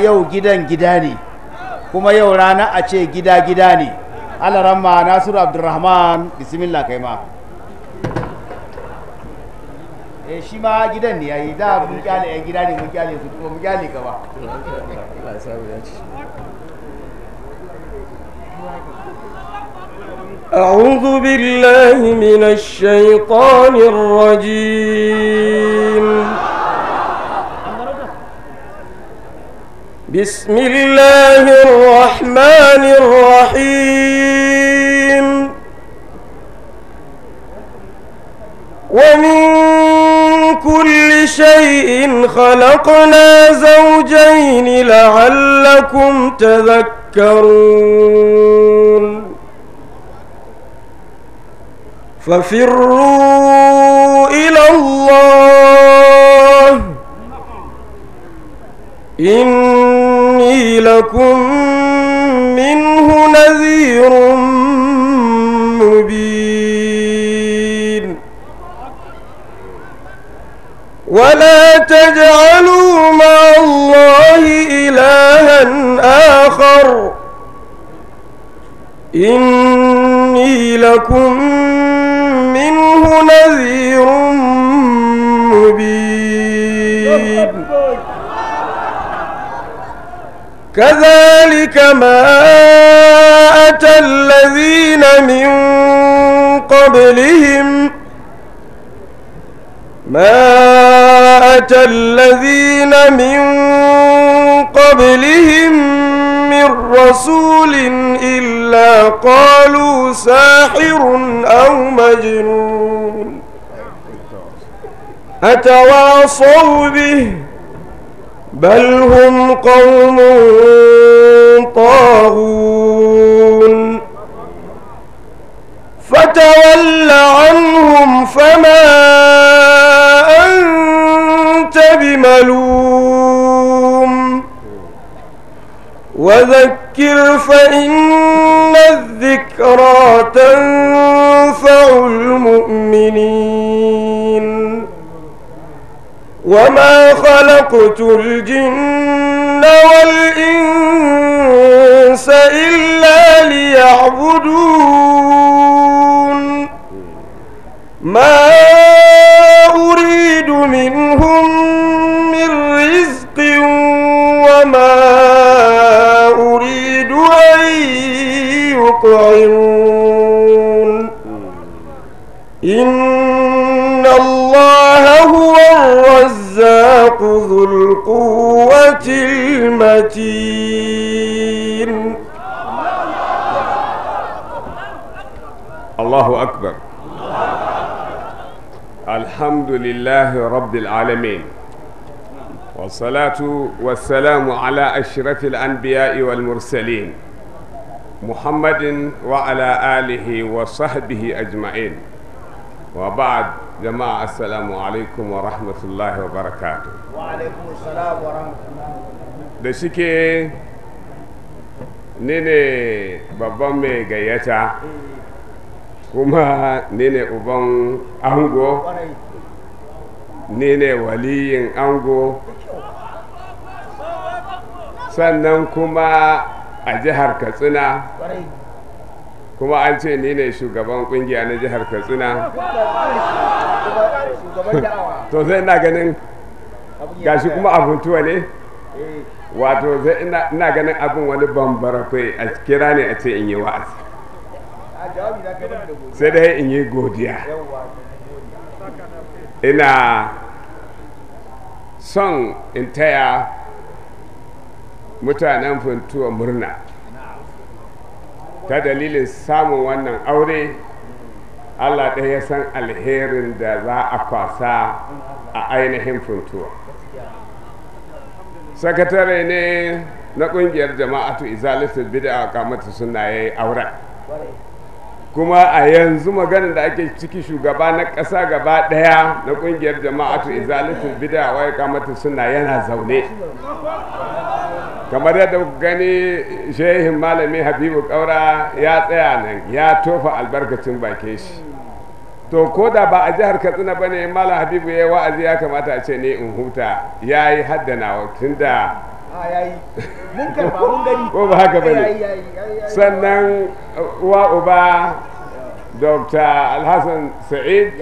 yau gidan gida ne kuma yau rana a ce gida gida ne alarama nasiru abdurrahman bismillah kai ma eh shi ma gidan ne yayi da mun kyale ya gida ne mun kyale su kuma mun kyale gaba أعوذ بالله من الشيطان الرجيم بسم الله الرحمن الرحيم ومن كل شيء خلقنا زوجين لعلكم تذكرون ففروا إلى الله إني لكم منه نذير مبين ولا تجعلوا مع الله إلها آخر إني لكم منه نذير كذلك ما أتى الذين من قبلهم ما أتى الذين من قبلهم من رسول إلا قالوا ساحر أو مجنون أتواصوا به بل هم قوم طاغون فتول عنهم فما أنت بملوم وذكر فإن الذكرى تنفع المؤمنين وما خلقت الجن والإنس إلا ليعبدون لله رب العالمين والصلاة والسلام على أشرف الأنبياء والمرسلين محمد وعلى آله وصحبه أجمعين وبعد جماعة السلام عليكم ورحمة الله وبركاته وعليكم السلام ورحمة الله da shike ni ne babban mai gayyata kuma ni ne uban ango ni ne waliyin ango sannan kuma a jihar katsina kuma an ce ni ne shugaban kungiya na jihar katsina to zai na ganin gashi kuma abuntuwa ne wato zai ina ganin abin wani bambara kai a kira ne a ce in yi wa'azi sai dai in yi godiya ina son in taya mutanen funtuwa murna ta dalilin samun wannan aure allah ɗaya ya san alherin da za a kwasa a ainihin funtuwa sakatare ne na ƙungiyar jama'atu izalisu bid'a kamata suna yi auren kuma a yanzu maganar da ake ciki shugaba na ƙasa gaba ɗaya na ƙungiyar jama'atu izalatul bid'a wa kamata suna yana zaune kamar yadda kuka gani shehin malami habibu kaura ya tsaya nan ya tofa albarkacin bake shi to ko da ba a jihar katsina ba ne malam habibu ya yi wa'azi ya kamata a ce ne in huta ya yi haddana tunda Ah, ko ba haka bane sannan wa uba dr alhassan sa'id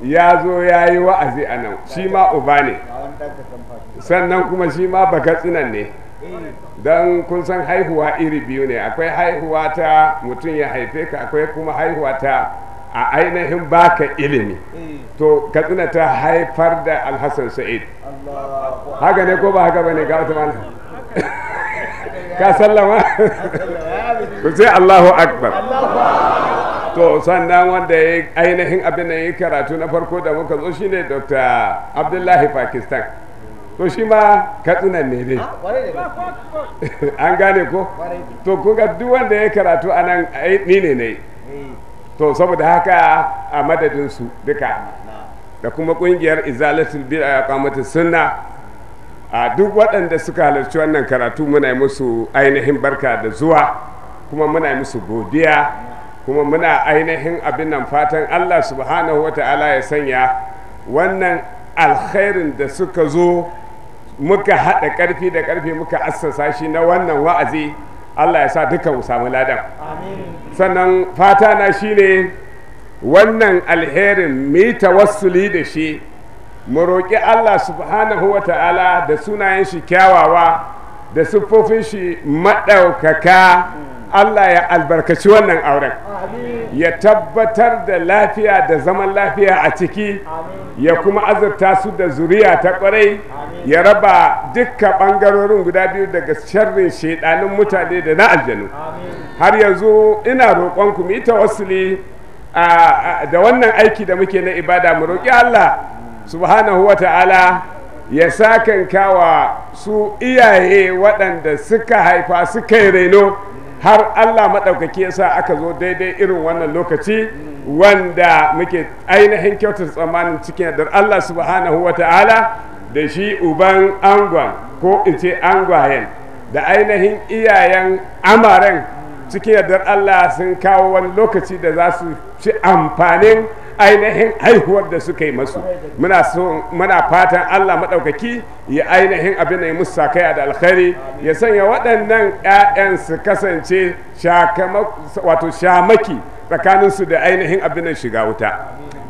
ya zo ya yi wa'azi a nan shi ma uba ne sannan kuma shi ma tsinan ne eh. don kun san haihuwa iri biyu ne akwai haihuwa ta mutum ya haife ka akwai kuma haihuwa ta a ainihin baka ilimi eh. to ka tsina ta haifar da alhassan sa'id haka ne ko ba haka ba ne ga mana ka sallama ku sai allahu akbar to sannan wanda ya ainihin abin da ya karatu na farko da muka zo ne dr abdullahi pakistan to shi ma katsina ne dai ah, an gane ko to kuka duk wanda ya karatu anan ni ne ne to saboda haka a madadinsu duka da kuma kungiyar izalatul bid'a qamatu sunna a duk waɗanda suka halarci wannan karatu muna musu ainihin barka da zuwa kuma muna musu godiya kuma muna ainihin abin nan fatan Allah subhanahu ta'ala ya sanya wannan alkhairin da suka zo muka haɗa ƙarfi da ƙarfi muka assasa shi na wannan wa'azi Allah ya sa dukkan mu samu ladan sannan fata na shine wannan alherin mu tawassuli da shi mu roƙi Allah subhanahu wa ta'ala da sunayen shi kyawawa da siffofin shi maɗaukaka Allah ya albarkaci wannan auren ya tabbatar da lafiya da zaman lafiya a ciki ya kuma azurta su da zuriya ta kwarai ya raba dukkan bangarorin guda biyu daga sharrin shaidanin mutane da na aljanu har yanzu ina roƙonku mu yi tawassuli da wannan aiki da muke na ibada mu roƙi Allah subhanahu wa ta'ala ya sakanka kawa su iyaye waɗanda suka haifa suka yi reno har Allah maɗaukaki ya sa aka zo daidai irin wannan lokaci wanda muke ainihin kyautar tsammanin cikin yadda Allah subhanahu wa ta'ala da shi uban angon ko in ce angwayen da ainihin iyayen amaren cikin yadda Allah sun kawo wani lokaci da za su ci amfanin ainihin haihuwar da suka yi masu muna fatan Allah maɗaukaki ya ainihin abin da ya musu sakaya da alkhairi ya sanya waɗannan 'ya'yan su kasance wato shamaki tsakanin su da ainihin abin da shiga wuta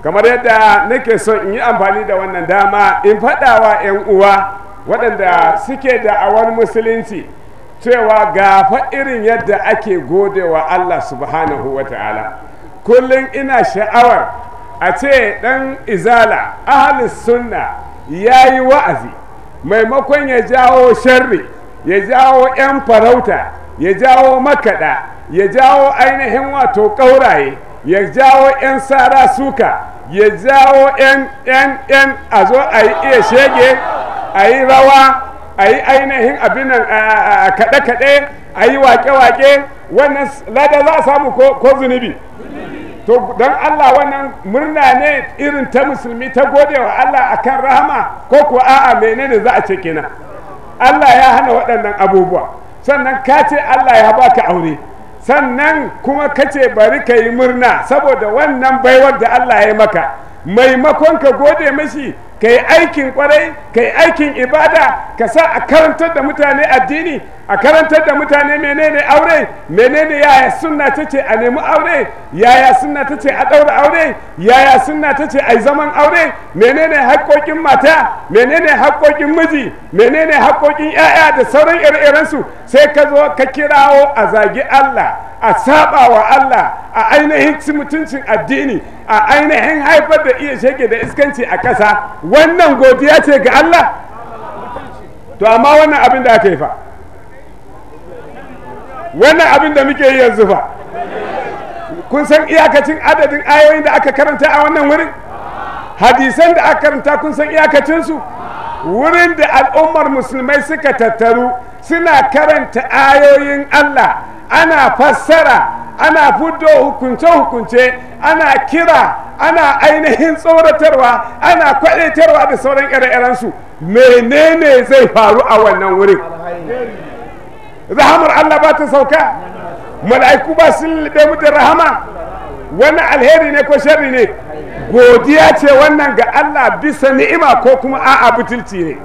kamar yadda nake so in yi amfani da wannan dama in faɗawa 'yan uwa waɗanda suke da'awar musulunci cewa ga fa irin yadda ake godewa Allah subhanahu wa ta'ala kullum ina sha'awar a ce ɗan izala ahalis sunna ya yi wa'azi maimakon ya jawo sharri ya jawo 'yan farauta ya jawo makaɗa ya jawo ainihin wato ƙauraye ya jawo 'yan sara suka ya jawo 'yan 'yan 'yan azo zo a yi iya shege a yi rawa a yi ainihin abin kaɗe-kaɗe a yi wake-wake wannan lada za a samu ko zunubi to don Allah wannan murna ne irin ta musulmi ta gode wa Allah a kan rahama ko ko a'a menene za a ce kenan Allah ya hana waɗannan abubuwa sannan ka ce Allah ya baka aure sannan kuma ka ce bari ka yi murna saboda wannan baiwar da Allah ya maka maimakon ka gode mashi ka yi aikin kwarai ka yi aikin ibada ka sa a karantar da mutane addini a karantar da mutane menene aure menene yaya sunna ta ce a nemi aure yaya sunna ta ce a ɗaura aure yaya sunna ta ce a yi zaman aure menene haƙoƙin mata menene haƙoƙin miji menene haƙoƙin 'ya'ya da sauran ire-irensu sai ka zo ka kirawo a zagi Allah a saba wa Allah a ainihin mutuncin addini a ainihin haifar da iya shege da iskanci a ƙasa wannan godiya ce ga Allah Allah to amma wannan abin da aka yi fa wannan abin da muke yi yanzu fa kun san iyakacin adadin ayoyin da aka karanta a wannan wurin hadisan da aka karanta kun san iyakacinsu wurin da al'ummar musulmai suka tattaru suna karanta ayoyin Allah ana fassara ana fuddo hukunce-hukunce ana kira ana ainihin tsoratarwa ana kwadaitarwa da sauran ire-irensu menene zai faru a wannan wurin rahamar allah ba ta sauka mala'iku ba sun libe da rahama wannan alheri ne ko sharri ne godiya ce wannan ga allah bisa ni'ima ko kuma a'a butulci ne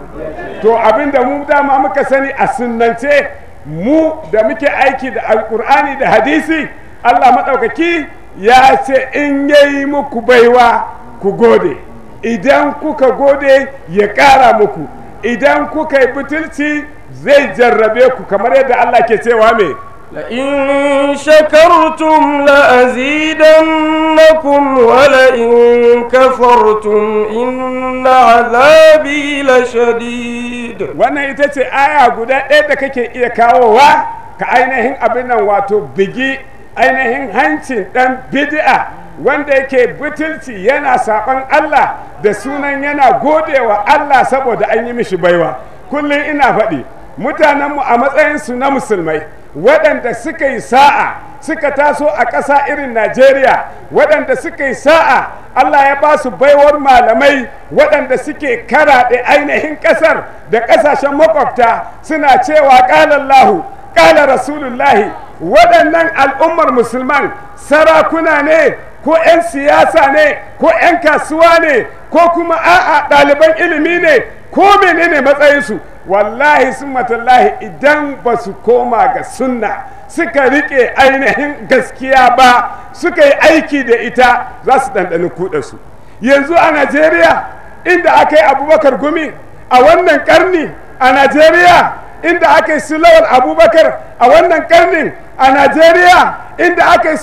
to abinda mu dama muka sani a sunnance mu da muke aiki da alkur'ani da hadisi allah maɗaukaki ya ce in ya yi muku baiwa ku gode idan kuka gode ya ƙara muku idan kuka yi butulci zai jarrabe ku kamar yadda Allah ke cewa me la'in shakartum la'azidan na kun wala'in kafartum inna azabi la shadid wannan ita ce aya guda ɗaya da kake iya kawowa ka ainihin abin nan wato bigi ainihin hanci ɗan bid'a wanda yake butulci yana saɓan Allah da sunan yana godewa Allah saboda an yi mishi baiwa kullum ina faɗi mutanenmu a matsayinsu na musulmai waɗanda suka yi sa'a suka taso a ƙasa irin najeriya waɗanda suka yi sa'a allah ya ba su baiwar malamai waɗanda suke karaɗe ainihin ƙasar da ƙasashen makwabta suna cewa ƙalallahu ƙala rasulullahi waɗannan al'ummar musulman sarakuna ne ko 'yan siyasa ne ko 'yan kasuwa ne ko kuma a'a ɗaliban ilimi ne ko menene matsayinsu wallahi sun matallahi idan ba su koma ga sunna suka riƙe ainihin gaskiya ba suka yi aiki da ita za su ɗanɗani kuɗansu yanzu a najeriya inda aka yi abubakar gumi a wannan ƙarni a najeriya inda aka yi su abubakar a wannan karnin a najeriya inda aka yi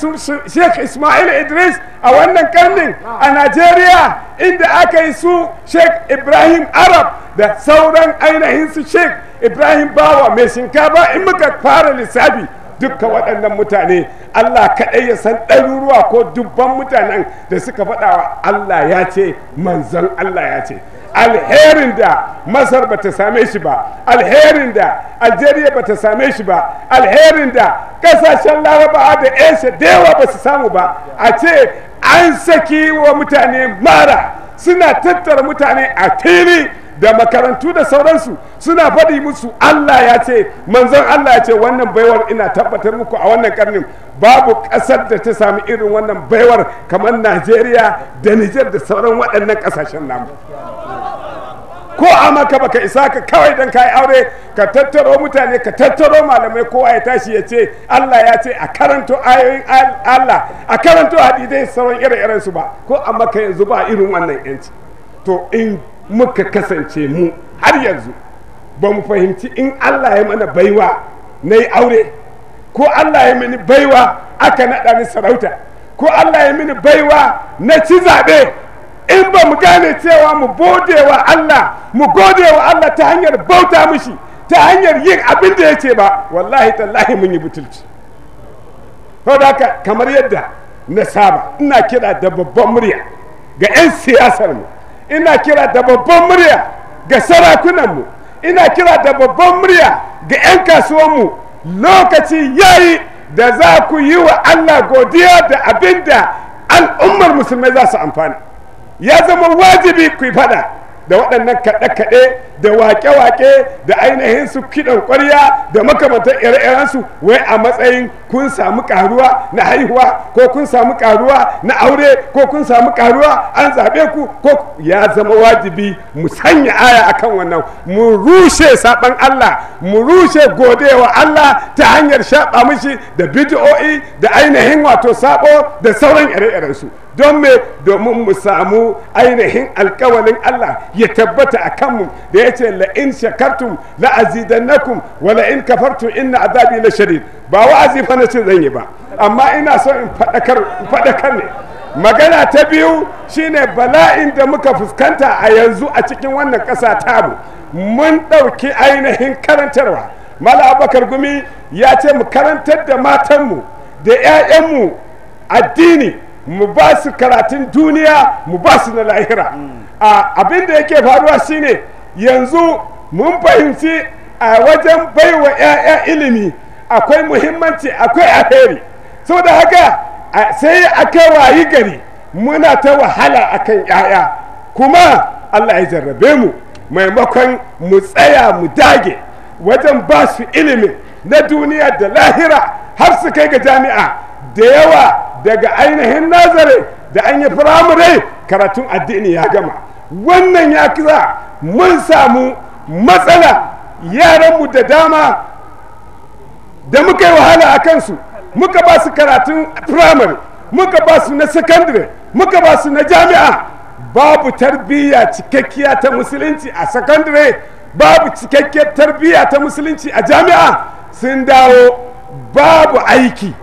sheikh ismail idris a wannan karnin a najeriya inda aka yi su sheikh ibrahim arab da sauran ainihin su sheikh ibrahim bawa mai shinkafa in muka fara lissafi duka waɗannan mutane Allah kaɗai ya san ɗaruruwa ko dubban mutanen da suka faɗawa Allah ya ce manzon Allah ya ce alherin da masar ba ta same shi ba alherin da algeria ba ta same shi ba alherin da kasashen larabawa da asia dewa ba su samu ba a ce an saki wa mutane mara suna tattara mutane a fili da makarantu da sauransu suna faɗi musu Allah ya ce manzon Allah ya ce wannan baiwar ina tabbatar muku a wannan karnin babu ƙasar da ta sami irin wannan baiwar kamar Najeriya da Nijar da sauran waɗannan ƙasashen namu. ko a maka baka isa ka kawai dan kai aure ka tattaro mutane ka tattaro malamai kowa ya tashi ya ce Allah ya ce a karanto ayoyin Allah a karanto hadidai sauran ire-iren su ba ko a maka yanzu ba irin wannan yanci to in muka kasance mu har yanzu ba mu fahimci in Allah ya mana baiwa na yi aure ko Allah ya mini baiwa aka naɗa ni sarauta ko Allah ya mini baiwa na ci zaɓe in ba mu gane cewa mu gode wa Allah mu gode wa Allah ta hanyar bauta mushi ta hanyar yin abin da yake ba wallahi tallahi mun yi butulci haka kamar yadda na saba ina kira da babban murya ga 'yan siyasar mu ina kira da babban murya ga sarakunan mu ina kira da babban murya ga 'yan kasuwan mu lokaci yayi da za ku yi wa Allah godiya da abin da al'ummar musulmai za su amfana ya zama wajibi ku fada da waɗannan kaɗe-kaɗe da wake-wake da ainihin su kiɗan ƙwarya da makamantar ire su wai a matsayin kun samu ƙaruwa na haihuwa ko kun samu ƙaruwa na aure ko kun samu ƙaruwa an zaɓe ku ko ya zama wajibi mu sanya aya akan wannan mu rushe saɓan Allah mu rushe godewa Allah ta hanyar shaɓa mishi da bidiyo'i da ainihin wato saɓo da sauran ire su don me domin mu samu ainihin alkawalin Allah ya tabbata a kanmu da ya ce la'in shakartum la'azidannakum wa la'in kafartum inna azabi na shadid ba wa'azi fa na ce zan yi ba amma ina so in fadakar ne magana ta biyu shine bala'in da muka fuskanta a yanzu a cikin wannan ƙasa tamu mun ɗauki ainihin karantarwa mala abakar gumi ya ce mu karantar da matanmu da 'ya'yanmu addini mu ba su karatun duniya mu ba su na lahira abin da yake faruwa shine yanzu mun fahimci a wajen baiwa 'ya'ya ilimi akwai muhimmanci akwai alheri saboda haka sai aka wayi gari muna ta wahala akan 'ya'ya kuma allah ya jarrabe mu maimakon mu tsaya mu dage wajen ba su ilimin na duniya da lahira har su kai ga jami'a da yawa daga ainihin nazare da an yi firamare karatun addini ya gama wannan ya kira mun samu matsala yaranmu da dama da muka yi wahala a kansu muka ba su karatun firamare muka ba su na sakandare muka ba su na jami'a babu tarbiyya cikakkiya ta musulunci a sakandare babu cikakkiyar tarbiyya ta musulunci a jami'a sun dawo babu aiki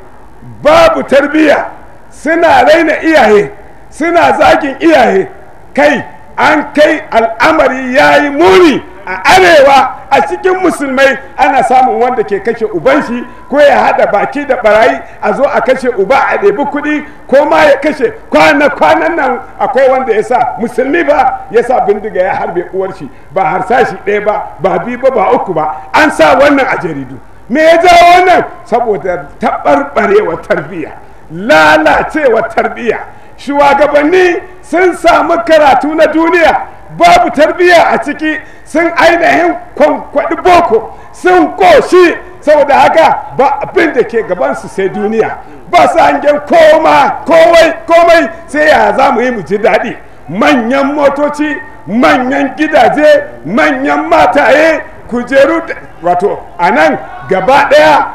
babu tarbiyya suna raina iyaye suna zagin iyaye kai an kai al'amari ya yi muni a arewa a cikin musulmai ana samun wanda ke kashe uban shi ko ya hada baki da barayi a zo a kashe uba a ɗebi kuɗi ko ma ya kashe kwanan nan akwai wanda ya sa musulmi ba ya sa bindiga ya harbe uwar shi ba harsashi ɗaya ba ba biyu ba ba uku ba an sa wannan a jaridu me ya ja wannan saboda taɓarɓarewa tarbiyya lalacewa tarbiyya shugabanni sun samu karatu na duniya babu tarbiyya a ciki sun ainihin kwankwaɗi boko sun ƙoshi saboda haka ba abin da ke gabansu sai duniya ba su hangen koma komai sai ya za mu yi mu ji daɗi manyan motoci manyan gidaje manyan mataye kujeru wato a nan gaba ɗaya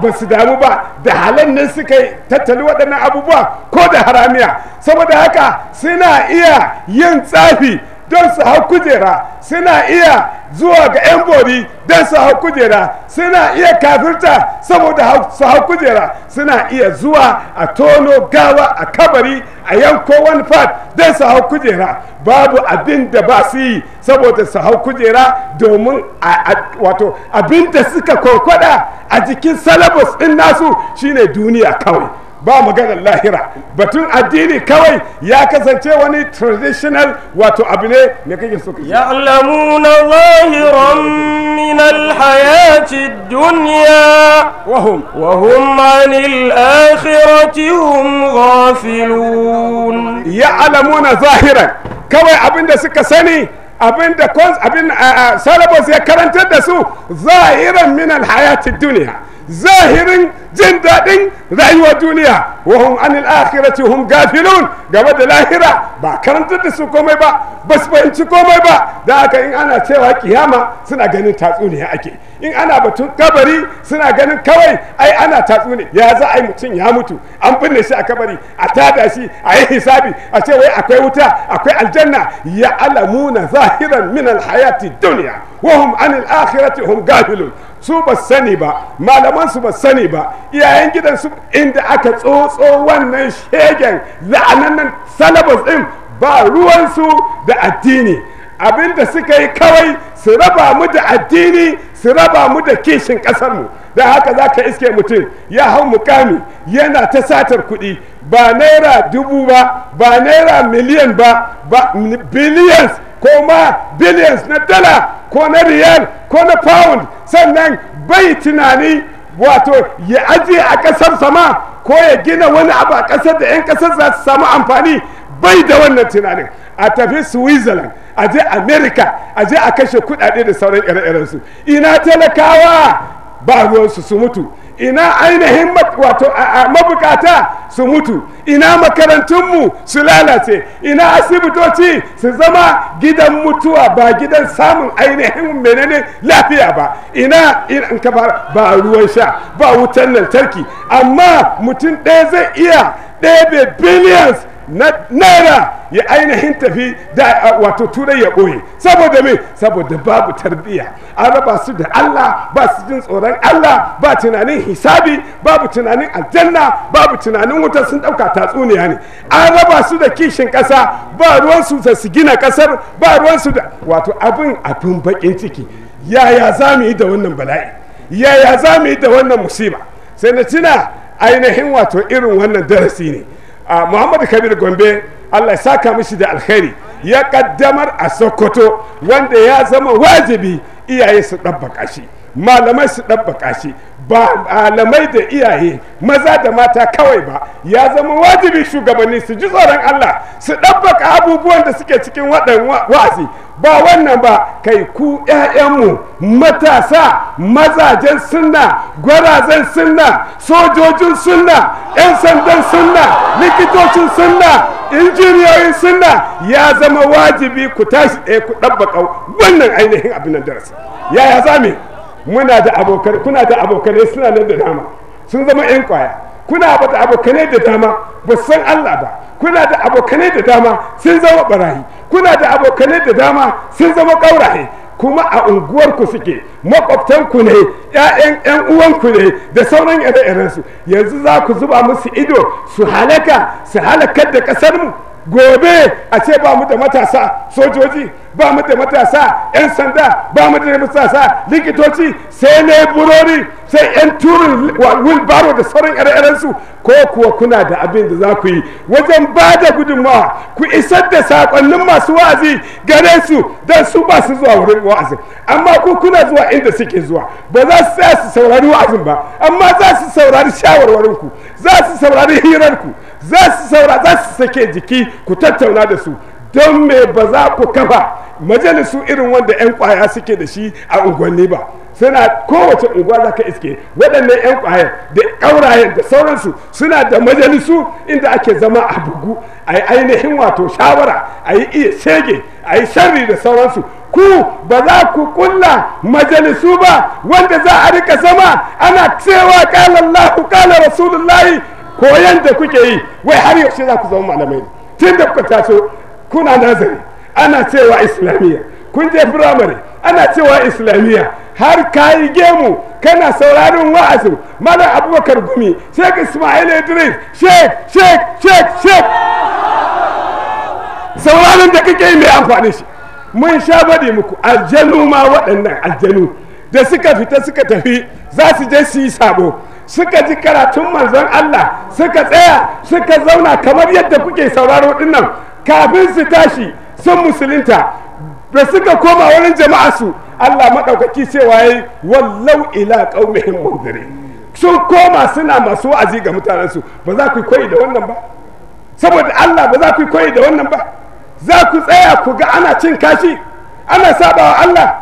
ba su damu ba da halan nan suka tattali waɗannan abubuwa ko da haramiya saboda haka suna iya yin tsafi don su hau kujera suna iya zuwa ga 'yan bori don su hau kujera suna iya kafirta saboda su hau kujera suna iya zuwa a tono gawa a kabari a yanko wani fat don su hau kujera babu abin da ba su yi saboda su hau kujera domin wato abin da suka kwakwada a jikin salabus ɗin nasu shine duniya kawai ba maganar lahira batun addini kawai ya kasance wani traditional wato abu ne me kake so ya alamuna zahiran min alhayati dunya wa hum wa hum anil akhirati hum ghafilun ya alamuna zahiran kawai abinda suka sani abinda abin syllabus ya karantar da su zahiran min alhayati duniya. zahirin jin daɗin rayuwar duniya wa anil akhirati hum gafilun game da lahira ba karantar da su komai ba ba su fahimci komai ba da aka in ana cewa kiyama suna ganin tatsuniya ake in ana batun kabari suna ganin kawai ai ana tatsuniya ya za a yi mutum ya mutu an binne shi a kabari a tada shi a yi hisabi a ce wai akwai wuta akwai aljanna ya alamuna zahiran min alhayati duniya. wa anil akhirati hum gafilun su ba sani ba malaman su ba sani ba iyayen gidan su inda aka tsotso wannan shegen la'anannan salabas din ba ruwansu da addini abinda suka yi kawai su raba mu da addini su raba mu da kishin mu. da haka za ka iske mutum ya hau mukami yana ta satar kuɗi ba naira dubu ba ba naira miliyan ba ba billions ko ma billions na dala ko na riyal ko na pound sannan bai tunani wato ya ajiye a ƙasar sama ko ya gina wani abu a ƙasar da 'yan ƙasar za su samu amfani bai da wannan tunanin a tafi switzerland a je america a je a kashe kudade da sauran ire-irensu ina talakawa ba ruwansu su mutu ina ainihin wato mabukata su mutu ina makarantunmu su lalace ina asibitoci su zama gidan mutuwa ba gidan samun ainihin menene lafiya ba ina in ka ba ruwan sha ba wutan lantarki amma mutum ɗaya zai iya ɗebe billions na naira ya ainihin tafi da wato turai ya ɓoye saboda me saboda babu tarbiyya an raba su da allah ba su jin tsoron allah ba tunanin hisabi babu tunanin aljanna babu tunanin wuta sun ɗauka tatsuniya ne an raba su da kishin ƙasa ba ruwansu da su gina ƙasar ba ruwansu da wato abin abin baƙin ciki yaya za mu yi da wannan bala'i yaya za mu yi da wannan musiba sai na tuna ainihin wato irin wannan darasi ne a muhammadu kabir gombe allah ya saka mishi da alkhairi ya kaddamar a sokoto wanda ya zama wajibi iyaye su ɗabba shi malamai su ɗabbaka shi ba malamai da iyaye maza da mata kawai ba ya zama wajibi shugabanni su ji tsoron Allah su ɗabbaka abubuwan da suke cikin waɗan wa'azi ba wannan ba kai ku ƴaƴanmu matasa mazajen sunna gwarazan sunna sojojin sunna ƴan sandan sunna likitocin sunna injiniyoyin sunna ya zama wajibi ku tashi ɗaya eh, ku ɗabbaka wannan ainihin abin darasi yaya za mu muna da abokan kuna da abokan suna nan da dama sun zama yan kwaya kuna da abokan da dama ba san Allah ba kuna da abokan da dama sun zama barayi kuna da abokan da dama sun zama ƙauraye kuma a unguwarku suke makwabtanku ne ƴan ‘yan uwanku ne da sauran ire su yanzu za ku zuba musu ido su halaka su halakar da ƙasarmu gobe a ce ba mu da matasa sojoji ba mu da matasa 'yan sanda ba mu da matasa likitoci sai na burori sai 'yan turin wilbaro da sauran ire ko kuwa kuna da abin da za ku yi wajen ba da gudunmawa ku isar da sakonnin masu wa'azi gare su don su ba su zuwa wurin wa'azin amma ku kuna zuwa inda suke zuwa ba za su tsaya su saurari wa'azin ba amma za su saurari shawarwarinku za su saurari hirarku za su saurari za su sake jiki ku tattauna da su don me ba za ku kafa majalisu irin wanda 'yan kwaya suke da shi a unguwanni ba suna kowace unguwa za ka iske waɗannan 'yan kwaya da ƙaurayen da sauransu suna da majalisu inda ake zama a bugu a yi ainihin wato shawara a yi iya shege a yi sharri da sauransu ku ba za ku kulla majalisu ba wanda za a rika zama ana cewa kalallahu kala rasulullahi koyan da kuke yi wai har yaushe za ku zama malamai tun da kuka taso kuna nazari ana cewa islamiyya kun je firamare ana cewa islamiyya har kayi gemu kana sauraron wa'azin malam abubakar gumi sheik ismail idris sheik sheik sheik sheik sauraron da kake mai amfani shi mun sha bade muku aljanu ma waɗannan aljanu da suka fita suka tafi za su je su yi sabo suka ji karatun manzon Allah suka tsaya suka zauna kamar yadda kuke sauraro dinnan kafin su tashi sun musulunta da suka koma wurin jama'arsu Allah maɗaukaki cewa yayi wallau ila qaumihim munziri sun koma suna masu wa'azi ga mutanensu ba za ku koyi da wannan ba saboda Allah ba za ku koyi da wannan ba za ku tsaya ku ga ana cin kashi ana sabawa Allah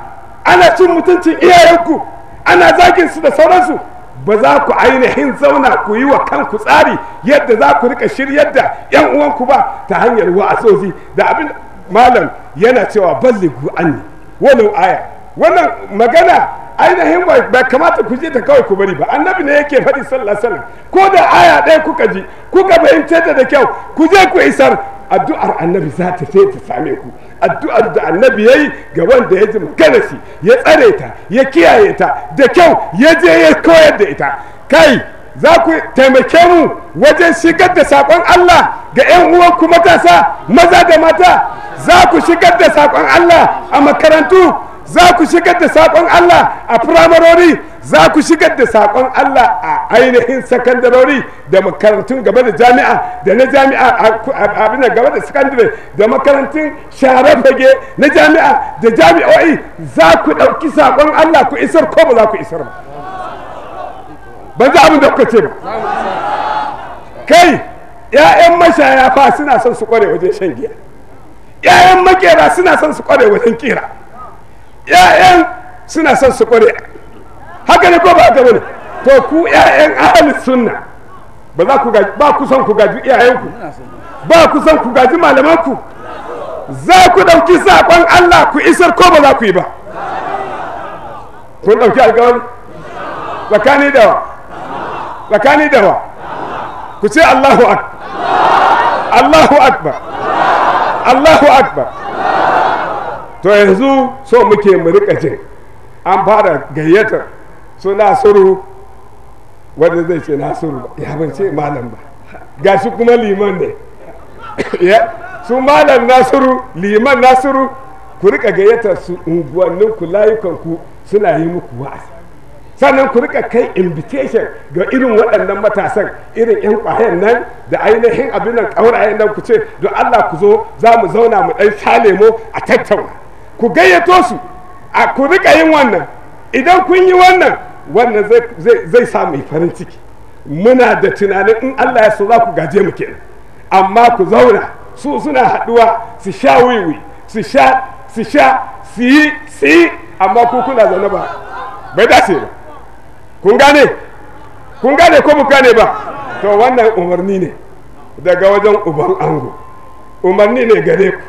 ana cin mutuncin iyayenku ana zagin su da sauransu ba za ku ainihin zauna ku yi wa kanku tsari yadda za ku rika shiryar da yan uwanku ba ta hanyar wa'azozi da abin malam yana cewa ballighu anni wannan aya wannan magana ainihin ba kamata ku je ta kawai ku bari ba annabi ne yake faɗi sallallahu alaihi wasallam ko da aya ɗaya kuka ji kuka bayyance ta da kyau ku je ku isar addu'ar annabi za ta ta same ku addu'ar da annabi ya yi ga wanda ya ji ganasi ya tsare ta ya kiyaye ta da kyau ya je ya koyar da ita kai za ku taimake mu wajen shigar da saƙon Allah ga 'yan uwanku matasa maza da mata za ku shigar da saƙon Allah a makarantu za ku shigar da saƙon Allah a firamarori za ku shigar da saƙon Allah a ainihin sakandarori da makarantun gaba da jami'a da na jami'a abin da gaba da sakandare da makarantun sharar fage na jami'a da jami'o'i za ku ɗauki saƙon Allah ku isar ko ba za ku isar ba ban za abin da kuka ce ba kai 'ya'yan mashaya fa suna son su kware wajen shan giya 'ya'yan makera suna son su kware wajen kira 'ya'yan suna son su kware haka ne ko ba haka bane to ku ƴaƴan ahli sunna ba za ku gaji ba ku ku gaji iyayenku ba ku ku gaji malamanku za ku ɗauki sakon Allah ku isar ko ba za ku yi ba kun ɗauki alƙawari tsakani da wa tsakani da wa ku ce Allahu akbar Allahu akbar Allahu akbar to yanzu so muke mu rika jin an fara gayyatar su nasiru wanda zai ce nasiru ya ban ce malam ba shi kuma liman ne su malam nasiru liman nasiru ku rika gayyata su unguwannin ku layukan ku suna yi muku wa'azi sannan ku rika kai invitation ga irin waɗannan matasan irin 'yan ƙwayan nan da ainihin abin nan ƙaurayen nan ku ce don Allah ku zo za mu zauna mu ɗan sha lemo a tattauna ku gayyato su a ku rika yin wannan idan kun yi wannan wannan zai sa mai farin ciki muna da tunanin in Allah ya so za ku gaje mu kenan amma ku zauna su suna haɗuwa su sha wiwi su sha su sha su yi su yi amma ku kuna zaune ba bai dace ba kun gane kun gane ko mu gane ba to wannan umarni ne daga wajen uban ango umarni ne gare ku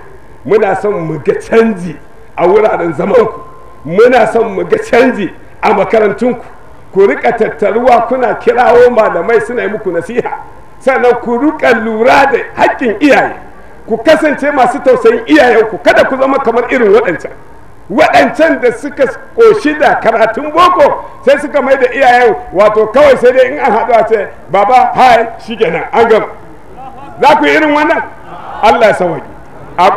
muna son mu ga canji a wuraren zamanku muna son mu ga canji a makarantunku ku rika tattaruwa kuna kirawo malamai suna yi muku nasiha sannan ku rika lura da haƙƙin iyaye ku kasance masu tausayin iyayenku kada ku zama kamar irin waɗancan waɗancan da suka ƙoshi da karatun boko sai suka mai da iyayen wato kawai sai dai in an haɗu a ce baba hai shi kenan an gama za ku yi irin wannan allah ya sawaki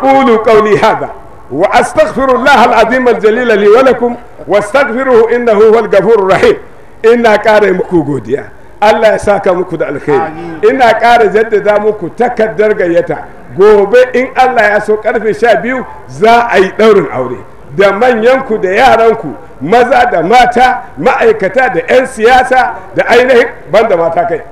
ƙulu qawli hada. واستغفر الله العظيم الجليل لي ولكم واستغفره انه هو الغفور الرحيم ان قال مكو غوديا يساك ya saka muku da alkhairi ina ƙara jaddada muku takardar gayyata gobe in Allah ya so karfe sha biyu za a yi ɗaurin aure da manyanku da yaranku maza da mata ma'aikata da 'yan siyasa da ainihin banda mata kai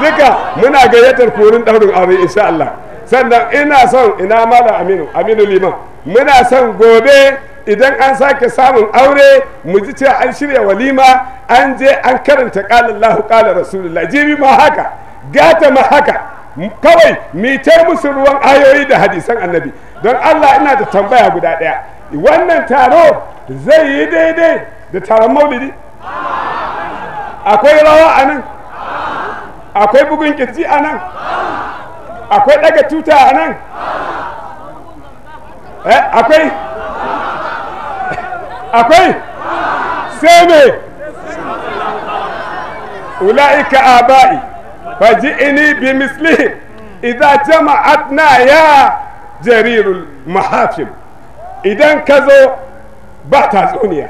duka muna gayyatar korin ɗaurin aure insha Allah sannan ina son ina malam aminu aminu liman muna son gobe idan an sake samun aure mu ji cewa an shirya walima an je an karanta kalallahu kala rasulullah jibi ma haka gata ma haka kawai mitar musu ruwan ayoyi da hadisan annabi don allah ina da tambaya guda ɗaya wannan taro zai yi daidai da taron maulidi akwai rawa a akwai bugun kirji a nan akwai ɗaga tuta a nan eh, akwai akwai sai me ula'ika aba'i faji ini bi misli. idan na ya jarirul mahafin idan ka zo ba tatsuniya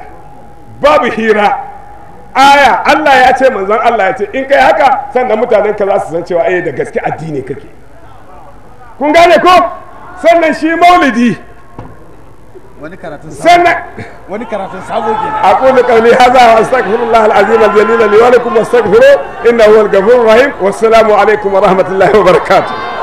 babu hira aya Allah ya ce manzon Allah ya ce in kai haka sannan mutanen ka za su san cewa ayyada eh, da gaske addini kake kun gane ko sannan shi maulidi wani karatun sannan wani karatun sabo kenan aqulu qawli hadha wa astaghfirullah al-azim al-jalil li wa lakum wastaghfiru innahu huwal ghafurur rahim wassalamu alaikum wa rahmatullahi wa barakatuh